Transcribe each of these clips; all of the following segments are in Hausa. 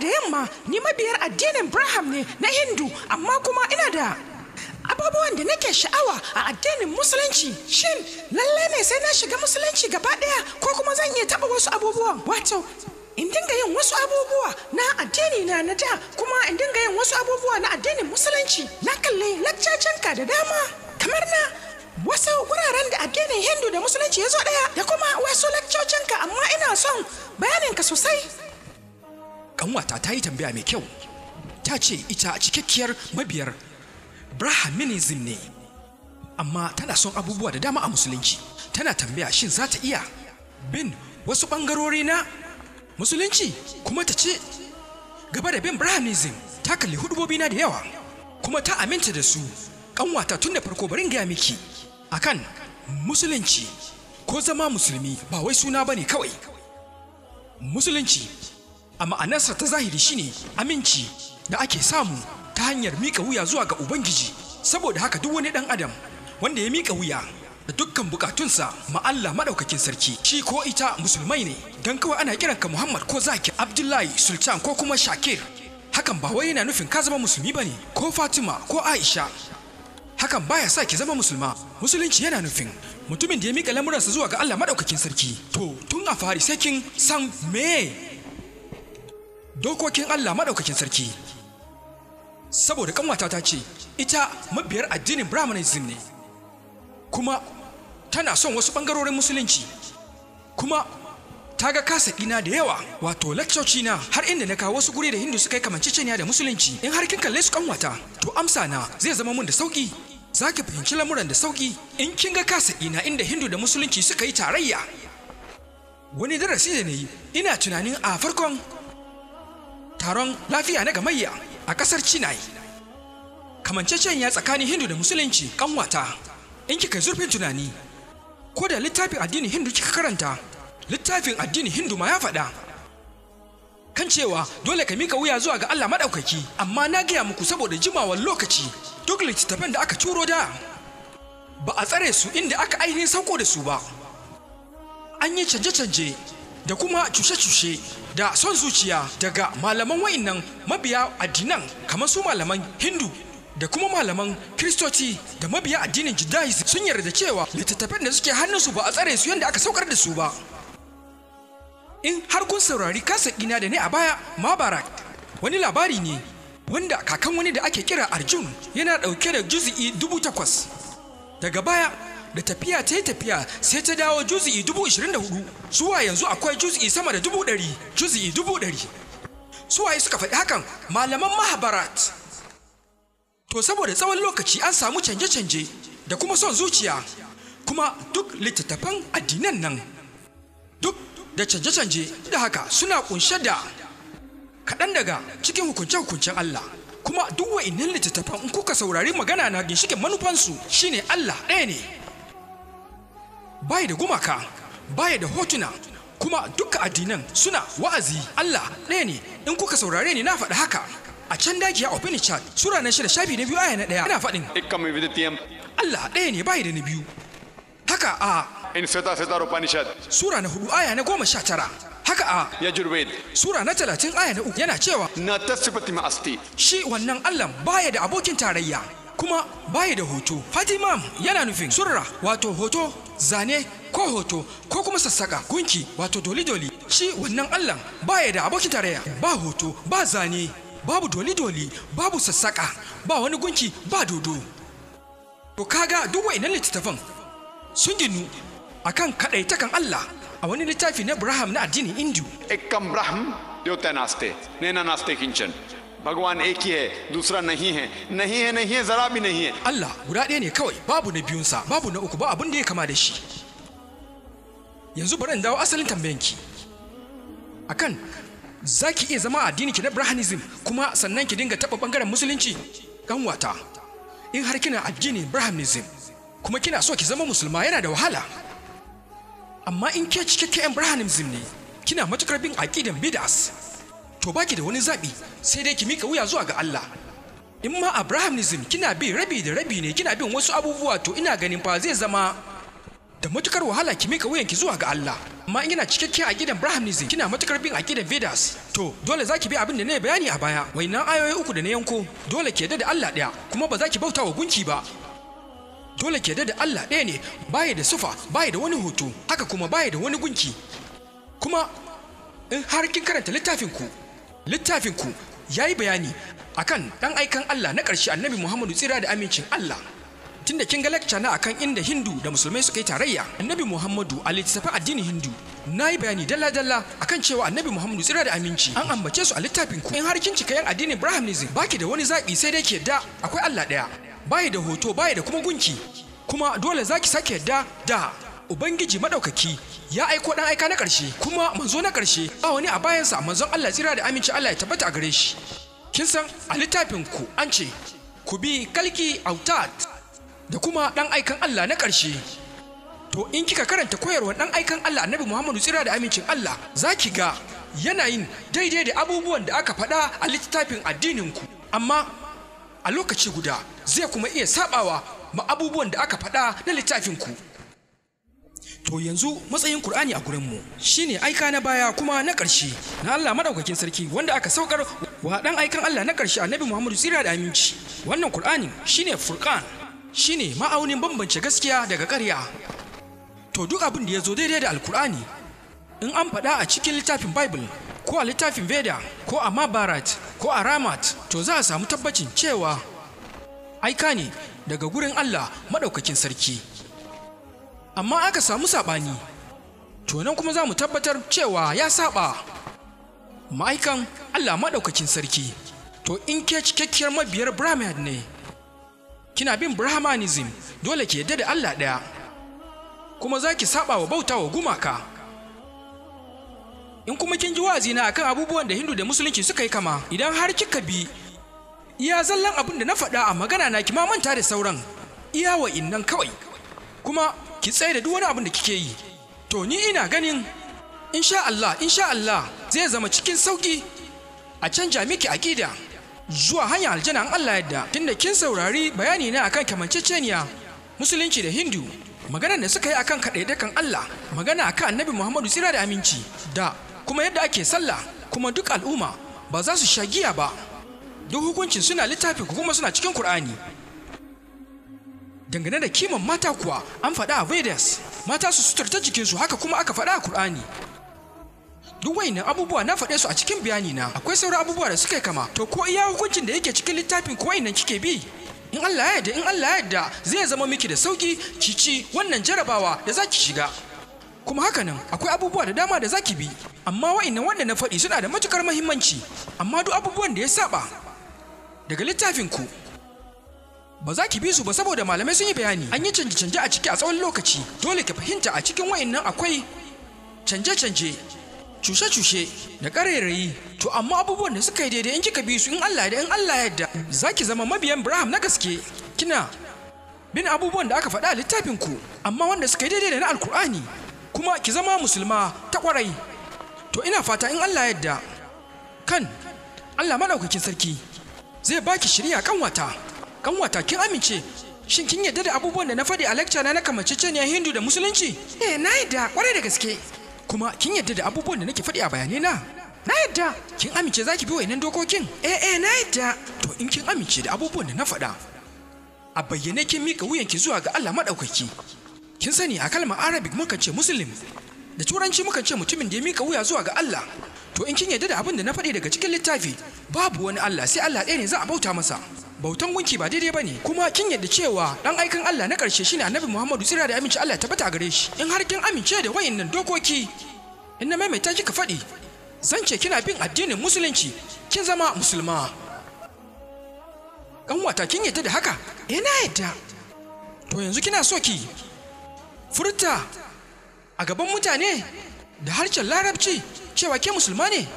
da yamma ni mabiyar addinin Braham ne na Hindu amma kuma ina da abubuwan da nake sha'awa a addinin musulunci shin lallai ne sai na shiga musulunci gaba ɗaya ko kuma zan iya taɓa wasu abubuwan wato in dinga yin wasu abubuwa na addini na na da kuma in dinga yin wasu abubuwa na addinin musulunci na kalli ka da dama kamar na wasu wuraren da addinin hindu da musulunci ya zo ɗaya da kuma wasu ka amma ina son bayanin ka sosai ƙanwata ta yi tambaya mai kyau ta ce ita cikakkiyar mabiyar brahminism ne amma tana son abubuwa da dama a musulunci tana tambaya shin za ta iya bin wasu ɓangarori na musulunci kuma ta ce gaba da bin brahminism ta kalli hudubobi na da yawa kuma ta aminta da su ƙanwata tun da farko barin gaya miki akan musulunci ko zama musulmi ba wai suna bane kawai musulunci a ma'anarsa ta zahiri shine aminci da ake samu ta hanyar mika wuya zuwa ga ubangiji saboda haka duk wani dan adam wanda ya mika wuya da dukkan bukatunsa ma Allah madaukakin sarki shi ko ita musulmai ne dan kawai ana kiran ka Muhammad ko Zaki Abdullahi Sultan ko kuma Shakir hakan ba wai yana nufin ka zama musulmi bane ko Fatima ko Aisha hakan baya sa ki zama musulma musulunci yana nufin mutumin da ya mika lamuransa zuwa ga Allah madaukakin sarki to tun a fari sai san me dokokin Allah maɗaukakin sarki saboda ƙanwata ta ce ita mabiyar addinin brahmanism ne kuma tana son wasu ɓangarorin musulunci kuma ta ga kasa ɗina da yawa wato lakcoci na har inda na kawo wasu guri da hindu suka yi kamanceceniya da musulunci in har kin kalle su kanwata to amsa na zai zama mun da sauki za ki fahimci lamuran da sauki in kin ga kasa ɗina inda hindu da musulunci suka yi tarayya wani darasi da na yi ina tunanin a farkon taron lafiya na gamayya a kasar Chennai. ya tsakanin Hindu da Musulunci kanwata in kika zurfin tunani ko da littafin addinin Hindu kika karanta littafin addinin Hindu ma ya faɗa kan cewa dole ka mika wuya zuwa ga Allah maɗaukaki amma na gaya muku saboda jimawar lokaci duk littattafan da aka turo da ba a tsare su inda aka ainihin sauko da su ba an yi canje-canje da kuma cushe-cushe da son zuciya daga malaman wa'innan mabiya addinan kamar su malaman hindu da kuma malaman kristoci da mabiya addinin judaism sun yarda cewa littattafan da suke hannunsu ba a tsare su yadda aka saukar da su ba in har kun saurari kasa ina da ne a baya barak wani labari ne wanda kakan wani da ake kira arjun yana dauke da juzi'i dubu takwas daga baya da tafiya ta yi tafiya sai ta dawo juzi'i dubu ishirin da hudu zuwa yanzu akwai juzi'i sama da dubu dari juzi'i dubu su suwaye suka faɗi hakan malaman mahabarat. to saboda tsawon lokaci an samu canje-canje da kuma son zuciya kuma duk littattafan addinan nan duk da canje-canje da haka suna kunshe da kaɗan daga cikin hukunce-hukuncen Allah kuma duk wa'innan littattafan in kuka saurari magana na ginshikin manufansu shine Allah ɗaya ne baya da gumaka baya da hotuna kuma duka addinan suna wa'azi Allah ɗaya ne in kuka saurare ni na faɗi haka a can daji a chat sura na shida shafi na biyu aya na ɗaya ina faɗin Allah ɗaya ne baya da na biyu haka a in Sveta Sveta Upanishad sura na hudu aya na goma sha tara haka a yajurved sura na talatin aya na uku yana cewa na tasifati asti shi wannan allah baya da abokin tarayya kuma baya da hoto fatimam yana nufin surra wato hoto zane ko hoto ko kuma sassaka gunki wato doli-doli shi wannan allah baya da abokin tarayya ba hoto ba zane babu doli-doli babu sassaka ba wani gunki ba dodo to kaga duk wa'inan littattafan sun ginu akan takan allah a wani littafi na Ibrahim na addinin Hindu. Ekam Braham, Dyotanaste, Nenanaste Kinchan. भगवान एक ही है दूसरा नहीं है नहीं है नहीं है जरा Allah guda ɗaya ne kawai babu na biyunsa babu na uku ba abin da ya kama da shi yanzu bari in dawo asalin tambayanki akan za ki iya zama addini ki na brahmanism kuma sannan ki dinga taɓa ɓangaren musulunci ganwata in har kina addinin brahmanism kuma kina so ki zama musulma yana da wahala amma in ke cikakken brahmanism ne kina matukar bin aqidan bid'as to baki da wani zaɓi sai dai ki mika wuya zuwa ga Allah in ma abrahamism kina bi rabi da rabi ne kina bin wasu abubuwa to ina ganin fa zai zama da matukar wahala ki mika wuyan ki zuwa ga Allah amma in kina cikakken aqidan brahmanism kina matukar bin aqidan vedas to dole zaki bi abin da ne bayani a baya wainan ayoyi uku da na yanko dole ki yadda da Allah daya kuma ba za ki bauta wa gunki ba dole ki yadda da Allah ɗaya ne baya da sufa baya da wani hoto haka kuma baya da wani gunki kuma in har kin karanta littafin ku littafinku ya yi bayani akan ɗan aikan Allah na ƙarshe annabi Muhammadu tsira da amincin Allah tunda kin ga lecture na akan inda Hindu da musulmai suka yi tarayya annabi Muhammadu a littafin addinin Hindu na yi bayani dalla-dalla akan cewa annabi Muhammadu tsira da aminci an ambace su a littafin ku in har kin cika yan addinin Ba baki da wani zaki sai dai ke da akwai Allah ɗaya bayi da hoto bayi da kuma gunki kuma dole zaki sake yadda da Ubangiji maɗaukaki ya aiko dan aika na karshe kuma manzo na karshe ba wani a bayansa manzon Allah tsira da aminci Allah ya tabbata a gare shi kin san a littafin ku an ce ku bi kalki autat da kuma dan aikan Allah na karshe to in kika karanta koyarwa dan aikan Allah annabi Muhammadu tsira da amincin Allah zaki ga yanayin daidai da abubuwan da aka faɗa a littafin addinin ku amma a lokaci guda zai kuma iya sabawa ma abubuwan da aka faɗa na littafin ku to yanzu matsayin Kur'ani a gurin mu shine aika na baya kuma na ƙarshe na Allah madaukakin sarki wanda aka saukar wa dan aikan Allah na ƙarshe Annabi Muhammadu tsira da aminci wannan Kur'ani shine Furqan shine ma'aunin bambance gaskiya daga ƙarya to duk abin da ya zo daidai da Alkur'ani in an faɗa a cikin littafin Bible ko a littafin Veda ko a Mabarat ko a Ramat to za a samu tabbacin cewa aika ne daga gurin Allah madaukakin sarki amma aka samu saɓani to nan kuma za mu tabbatar cewa ya saɓa ma'aikan allah maɗaukakin sarki to in ke cikakkiyar mabiyar brahmad ne kina bin brahmanism dole ke yadda da allah ɗaya kuma za ki saɓa wa bauta wa gumaka in kuma kin ji wa'azina akan abubuwan da hindu da musulunci suka yi kama idan har kika bi iya zallan abin da na faɗa a magana na ki ma manta da sauran iya wa innan kawai kuma ki tsaye da duk wani abin da kike yi to ni ina ganin insha Allah insha Allah zai zama cikin sauki a canja miki aƙida zuwa hanya aljanna an Allah yadda tunda kin saurari bayani na akan kamanceceniya musulunci da hindu magana da suka yi akan kaɗaidakan Allah magana akan annabi Muhammadu tsira da aminci da kuma yadda ake sallah kuma duk al'umma ba za su sha giya ba duk hukuncin suna littafi kuma suna cikin Kur'ani dangane da kiman mata kuwa an faɗa a vedas mata su suturta jikinsu haka kuma aka faɗa a kur'ani duk wayannan abubuwa na faɗe su a cikin bayani na akwai sauran abubuwa da suka kama to ko iya hukuncin da yake cikin littafin ko wayannan kike bi in Allah ya yarda in Allah ya yarda zai zama miki da sauki cici wannan jarabawa da zaki shiga kuma haka nan akwai abubuwa da dama da zaki bi amma wa'annan wanda na faɗi suna da matukar muhimmanci amma duk abubuwan da ya saba daga littafin ku ba za ki bi su ba saboda malamai sun yi bayani an yi canje-canje a ciki a tsawon lokaci dole ka fahimta a cikin wayannan akwai canje-canje cushe-cushe da ƙarairayi to amma abubuwan da suka yi daidai in kika bi su in Allah da in Allah yadda za ki zama mabiyan Ibrahim na gaske kina bin abubuwan da aka faɗa a littafin ku amma wanda suka yi daidai da na alkur'ani kuma ki zama musulma ta kwarai to ina fata in Allah yadda kan Allah maɗaukakin sarki zai baki shirya kan wata kanwata kin amince shin kin yadda da abubuwan da na faɗi a lecture na na a hindu da musulunci eh na yadda kwarai da gaske kuma kin yadda da abubuwan da nake faɗi a bayanai na na yadda kin amince za ki bi wayannan dokokin eh eh na yadda to in kin amince da abubuwan da na faɗa a bayyane kin mika ki zuwa ga Allah maɗaukaki kin sani a kalmar arabic muka ce muslim da turanci muka ce mutumin da ya mika wuya zuwa ga Allah to in kin yadda da abin da na faɗi daga cikin littafi babu wani Allah sai Allah ɗaya ne za a bauta masa bautan gunki ba daidai ne. kuma kin yadda cewa dan aikin Allah na karshe shine Annabi Muhammadu tsira da aminci Allah tabbata gare shi in har kin amince da wayannan dokoki in na maimaita kika faɗi zan ce kina bin addinin musulunci kin zama musulma kanwata kin yadda da haka ina eh, yadda to yanzu kina so ki furta a gaban mutane da harshen larabci cewa ke musulma ne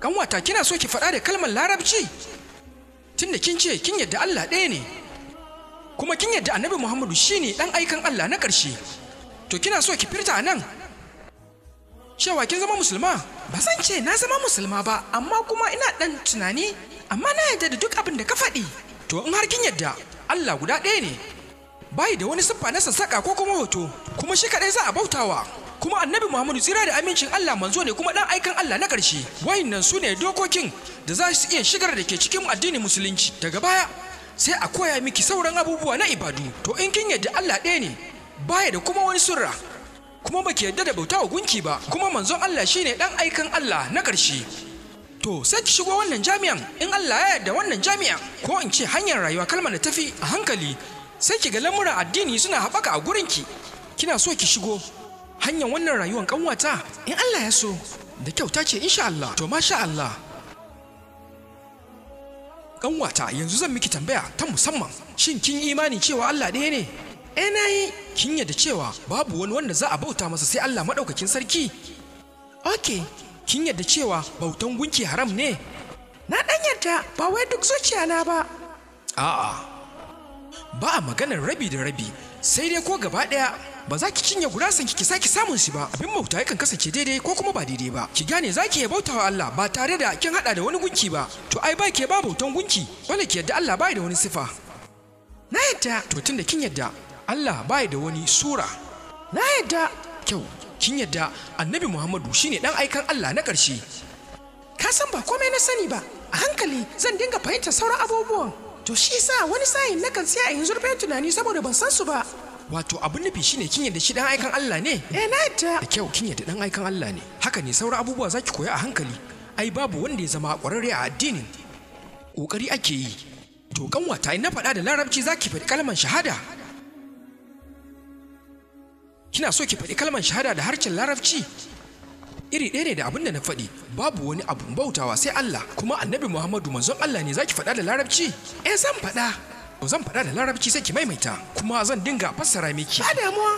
kanwata kina so ki faɗa da kalmar larabci tunda kin ce kin yadda Allah ɗaya ne kuma kin yadda annabi Muhammadu shine ɗan aikan Allah na ƙarshe to kina so ki firta a nan cewa kin zama musulma ba zan ce na zama musulma ba amma kuma ina ɗan tunani amma na yadda da duk abin da ka faɗi to in har kin yadda Allah guda ɗaya ne bayi da wani siffa na sassaƙa ko kuma hoto kuma shi kaɗai za a bautawa kuma annabi muhammadu tsira da amincin allah manzo ne kuma dan aikan allah na ƙarshe wayannan su ne dokokin da za su iya shigar da ke cikin addinin musulunci daga baya sai a koya miki sauran abubuwa na ibadu to in kin yadda allah ɗaya ne baya da kuma wani surra kuma baki yadda da bauta wa gunki ba kuma manzon allah shine dan aikan allah na ƙarshe to sai ki shigo wannan jami'an in allah ya yarda wannan jami'an. ko in ce hanyar rayuwa kalmar da tafi a hankali sai ki ga lamuran addini suna haɓaka a gurinki kina so ki shigo hanyar wannan rayuwar kanwata in Allah ya so da kyauta ce insha Allah to masha Allah kanwata yanzu zan miki tambaya ta musamman shin kin imani cewa Allah ɗaya ne eh na yi kin yadda cewa babu wani wanda za a bauta masa sai Allah maɗaukakin sarki ok kin yadda cewa bautan gunki haram ne na ɗan yadda ba wai duk zuciya na ba a'a ba a maganar rabi da rabi sai dai ko gaba ɗaya ba za ki cinye gurasan ki saki samun shi ba abin bauta yakan kasance daidai ko kuma ba daidai ba ki gane za ki bauta wa Allah ba tare da kin hada da wani gunki ba to ai ba ke ba bautan gunki wala ki yadda Allah bai da wani sifa na yadda to tunda kin yadda Allah bai da wani sura na yadda kyau kin yadda annabi Muhammadu shine dan aikan Allah na ƙarshe ka san ba komai na sani ba a hankali zan dinga fahimtar sauran abubuwan to shi sa wani sa'in nakan a yin zurfe tunani saboda ban san su ba wato abun nufi shine kin yadda shi dan aikan Allah ne eh na yadda da kyau kin yadda dan aikan Allah ne haka ne saura abubuwa zaki koya a hankali ai babu wanda ya zama kwararre a addinin kokari ake yi to kanwata in na faɗa da larabci zaki faɗi kalmar shahada kina so ki faɗi kalmar shahada da harshen larabci iri ɗaya ne da abin da na faɗi babu wani abun bautawa sai Allah kuma annabi Muhammadu manzon Allah ne zaki faɗa da larabci eh zan faɗa zan faɗa da larabci sai ki maimaita kuma zan dinga fassara miki ba damuwa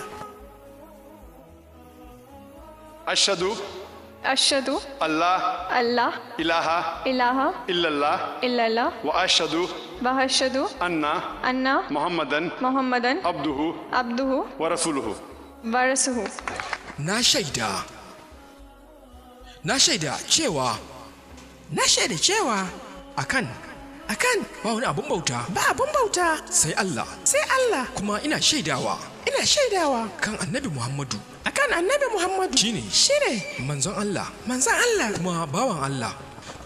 ashadu ashadu allah allah ilaha ilaha illallah illallah wa ashadu anna muhammadan muhammadan abduhu abduhu wa rasuluhu wa rasuluhu na shaida na shaida cewa na shaida cewa akan akan ba wani abun bauta ba abun bauta sai Allah sai Allah kuma ina shaidawa ina shaidawa kan annabi Muhammadu akan annabi Muhammadu shine shine manzon Allah manzon Allah kuma bawan Allah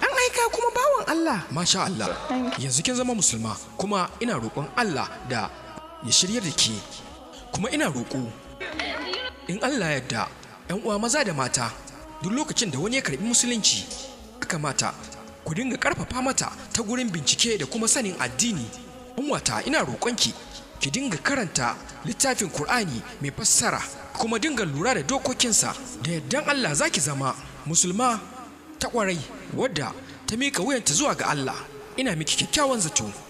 an aika kuma bawan Allah masha Allah yanzu kin zama musulma kuma ina roƙon Allah da ya shirya da ke kuma ina roƙo in Allah yadda 'yan uwa maza da mata duk lokacin da wani ya karbi musulunci mata ku dinga karfafa mata ta gurin bincike da kuma sanin addini umwata ina roƙonki ki dinga karanta littafin Kur'ani mai fassara kuma dinga lura da dokokinsa da yardan Allah zaki zama musulma ta ƙwarai wadda ta mika wuyanta zuwa ga Allah ina miki kyakkyawan zato